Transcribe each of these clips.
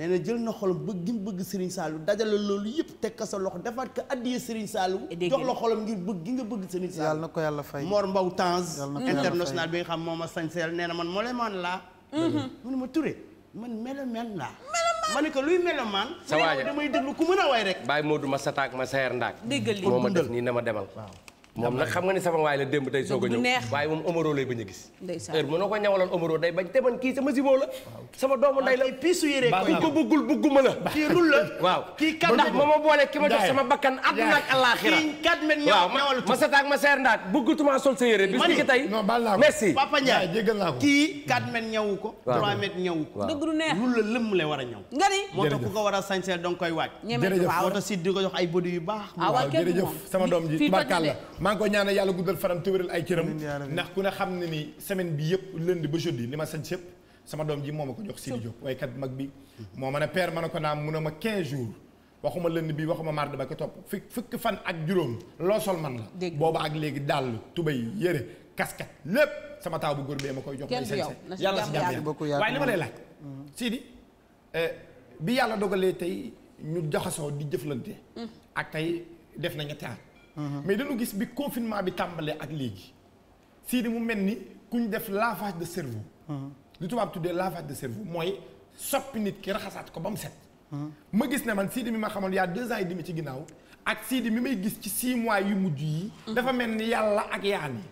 nee na jël na xolam bëgg gi mu bëgg Serigne Saliou dajale loolu yëpp teg ka sa loxo defaat ko addiye Serigne Saliou jox la xolam ngir bëgg gi nga bëgg Serigne Saliou yàlla na ko yàlla fay Mor Mbaw Tange international bi nga xam moo ma sañseel nee na man melomaan laa mm-hmm. mu ne ma Touré man melomaan laa ma ne ko luy melomaan sa waaja damay déglu ku mën a way rek bàyyi Modou ma sataak ma sayer ndaak déggal li moo ma def nii na ma demal moom nag xam nga ni sama waay la démb tey soog a ñëw waaye moom Omaro lay bañ a gis heure mënoo ko ñawaloon Omaro day bañ te man kii sama siboo ki ma jox sama bakkan àdduna ak àllaaxira kii kat men ñëw ma naa ko kii quatre mètres ñawu ko trois ñawu ko dëgg du neex lu la lëmm lay war a ñaw nga ni moo tax ku ko war a sañseel danga koy waaj moo tax si di ko jox ay body yu baax waaw jërëjëf sama doom ji barkal maa ngi koy yàlla guddal fanam te ay cëram ndax ku ne xam ne ni semaine bi yëpp lundi ba jeudi li ma sañ sépp sama doom ji moo ma ko jox Sidi Diop waaye kat mag bi mm-hmm. moo mën a père mën a ko naa mun a ma 15 jours waxuma lënd bi waxuma mardi ba ko topp fi fukki fan ak juróom loo sol man la booba ak léegi dàll tubay yére casquette lépp sama taaw bu góor ma koy jox may sañse yàlla si jàmm waaye li ma lay laaj mm-hmm. Sidi eh, bi yàlla dogalee tey ñu jaxasoo di jëflante mm. ak tey def na ñetti at Mhm. mais dañu gis bi confinement bi tàmbalee ak léegi di mu mel ni kuñ def lavage de cerveau. Mhm. li tubaab tuddee lavage de cerveau mooy soppi nit ki raxasaat ko ba mu set. Mhm. ma gis ne man Sidi mi ma xamoon y'a deux ans et demi ci ginnaaw ak Sidi mi may gis ci six mois yu mujj yi. dafa mel ni yàlla ak yaan yi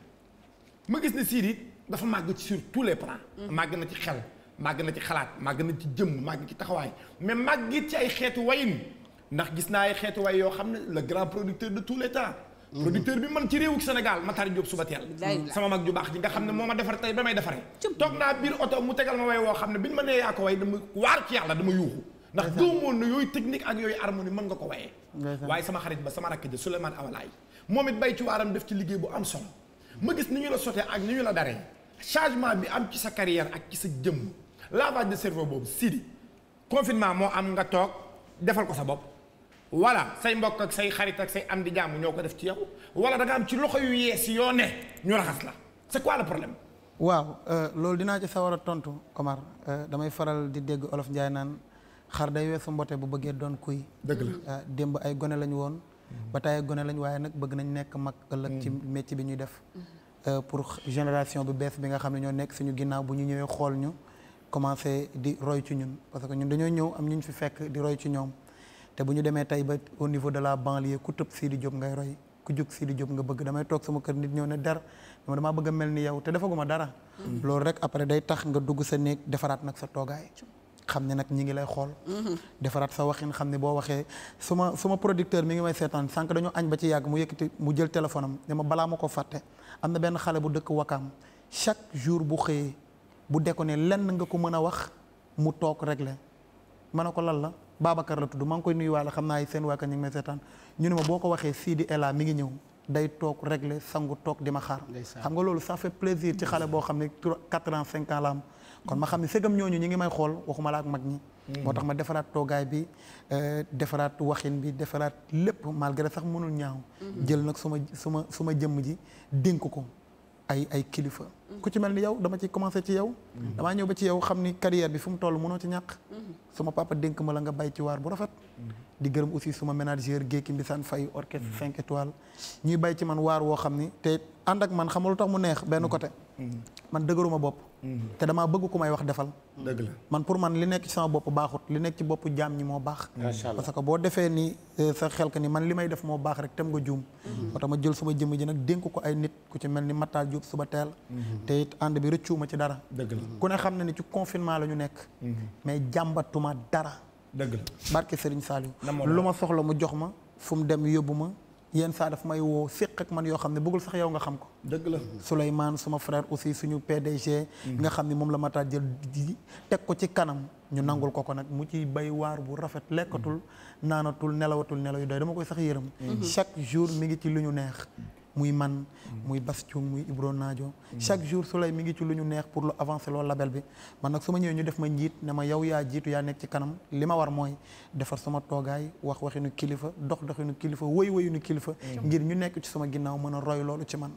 ma gis ne Sidi dafa màgg ci sur tous les plans. màgg na ci xel màgg na ci xalaat màgg na ci jëmm màgg ci taxawaay mais màgg ci ay xeetu wayin. ndax gis naa ay xeetu yoo xam ne le grand producteur de tous les temps. Mhm. producteur bi man ci réewu Sénégal Matar Diop suba teel. sama mag ju baax ji nga xam ne moo ma defar tey ba may defaree. toog naa biir oto mu tegal ma way woo xam ne bi ñu ma nee yaa ko way dama waar ci yàlla dama yuuxu. ndax gëmoon na yooyu technique ak yooyu harmonie mën nga ko wayee. waaye sama xarit ba sama rakk ja Souleymane Awalaay moom it bay ci waaram def ci liggéey bu am solo. ma gis ni ñu la sotee ak ni ñu la daree changement bi am ci sa ak ci sa jëmm lavage de cerveau boobu Sidi confinement moo am nga toog defal ko sa bopp voilà say mbokk ak say xarit ak say am di jàmm ñoo ko def ci yow wala da nga ci loxo yu yees yoo ne ñu raxas la c'est quoi le problème. waaw euh, loolu dinaa ci sawar a tontu Omar euh, damay faral di dégg olof Njaay naan xar day weesu mbote bu bëggee doon kuy. dëgg euh, démb ay gone lañu woon. Mhm. ba tey ay gone lañ waaye nag bëgg nañ nekk mag. ëllëg ci mhm. métier bi ñuy def. Mhm. pour génération bu bees bi nga xam ne ñoo nekk suñu ginnaaw bu ñu ñëwee xool ñu commencé di roy ci ñun parce que ñun dañoo ñëw am ñu ñu fi fekk di roy ci ñoom. te bu ñu demee tey ba au niveau de la banlieue ku tëb Sidi Diop ngay roy ku jóg Sidi Diop nga bëgg damay toog sama kër nit ñëw ne dara dama damaa bëgg a mel ni yow te defaguma dara. Mm-hmm. loolu rek après day tax nga dugg sa néeg defaraat nag sa toogaay. xam ne nag ñi ngi lay xool. Mm-hmm. defaraat sa waxin xam ne boo waxee suma suma producteur mi ngi may seetaan sànq dañoo añ ba ci yàgg mu yëkkati mu jël téléphone am ne ma balaa ma ko fàtte am na benn xale bu dëkk Wakaam chaque jour bu xëyee bu dekkoon ne lenn nga ko mën a wax mu toog rek la ma ne ko lan la. baabakar la tudd maa ngi koy nuyuwaale xam naa seen waa ka ñu ngi may seetaan ñu ne ma boo ko waxee Sidi Ella mi ngi ñëw day toog réglé sangu toog di ma xaar. xam nga loolu ça fait plaisir ci xale boo xam ne trois quatre ans cinq am. kon ma xam ne sëgam ñooñu ñu ngi may xool waxuma la ak mag ñi. Hmm. moo tax ma defaraat toogaay bi euh, defaraat waxin bi defaraat lépp malgré sax mënul ñaaw. Hmm. jël nag suma suma suma jëmm ji dink ko ay ay kilifa. ku ci mel ni yow dama ci commencé ci yow. Mhm. damaa ñëw ba ci yow xam ni carrière bi fu mu toll mënoo ci ñàkk. Mhm. sama papa dénk ma la nga bay ci waar bu rafet. Mhm. di gërëm aussi suma manager Géeki Mbisaan Faye orchestre 5 étoiles ñuy bay ci man waar woo xam ni te ànd ak man xamul tax mu neex benn côté. man dëgëruma bopp mm-hmm. te damaa bëgg ku may wax defal dëgg man pour man li nekk ci sama bopp baaxut li nekk ci bopp jaam ñi moo baax parce que boo defee ni euh, sa xel ka ni man li may def moo baax rek tem nga juum mm-hmm. moo tax ma jël sama jëmm ji nag dénk ko ay nit ku ci mel ni Matta Diop suba teel mm-hmm. te it ànd bi rëccuuma ci dara dëgg la ku ne xam na ni ci confinement la ñu nekk mais jàmbatuma dara dëgg la barke Serigne Saliou lu ma soxla mu jox ma fu mu dem yóbbu ma yenn saa daf may woo séq ak man yoo xam ne bëggul sax yow nga xam ko. dëgg la Souleymane suma frère aussi suñu PDG. Mhm. nga xam ne moom la ma Matar jël di teg ko ci kanam. ñu nangul ko ko nag mu ci bay waar bu rafet lekkatul mhm. naanatul nelawatul nelaw yu doy dama koy sax yërëm. Mhm. chaque jour mi ngi ci lu ñu neex. muy man muy bas Thioung muy Ibro Naajo chaque jour su lay mi ngi ci lu ñu neex pour lu avancer loolu label bi man nag su ma ñëwee ñu def ma njiit ne ma yow yaa jiitu yaa nekk ci kanam li ma war mooy defar sama toogaay wax waxinu kilifa dox doxinu kilifa woy woyinu kilifa mm-hmm. ngir ñu nekk ci sama ginnaaw mën a roy loolu ci man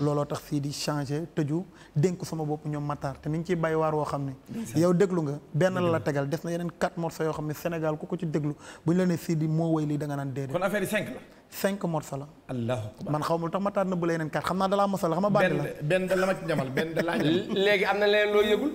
looloo tax sii di changé tëju dénk sama bopp ñoom Matar te mi ngi ciy bay waar woo xam ne yow déglu nga benn la la tegal des na yeneen quatre morceaux yoo xam ne Sénégal ku ko ci déglu bu ñu la ne di moo woy lii da naan déedéet kon cinq morceaux la. allahu akbar man xaw ma lu tax ma tànn bu la yeneen quatre xam naa dalaa mosal xam ma. bànn la benn benn la ma ci ñamal benn la léegi am na leneen loo yëgul.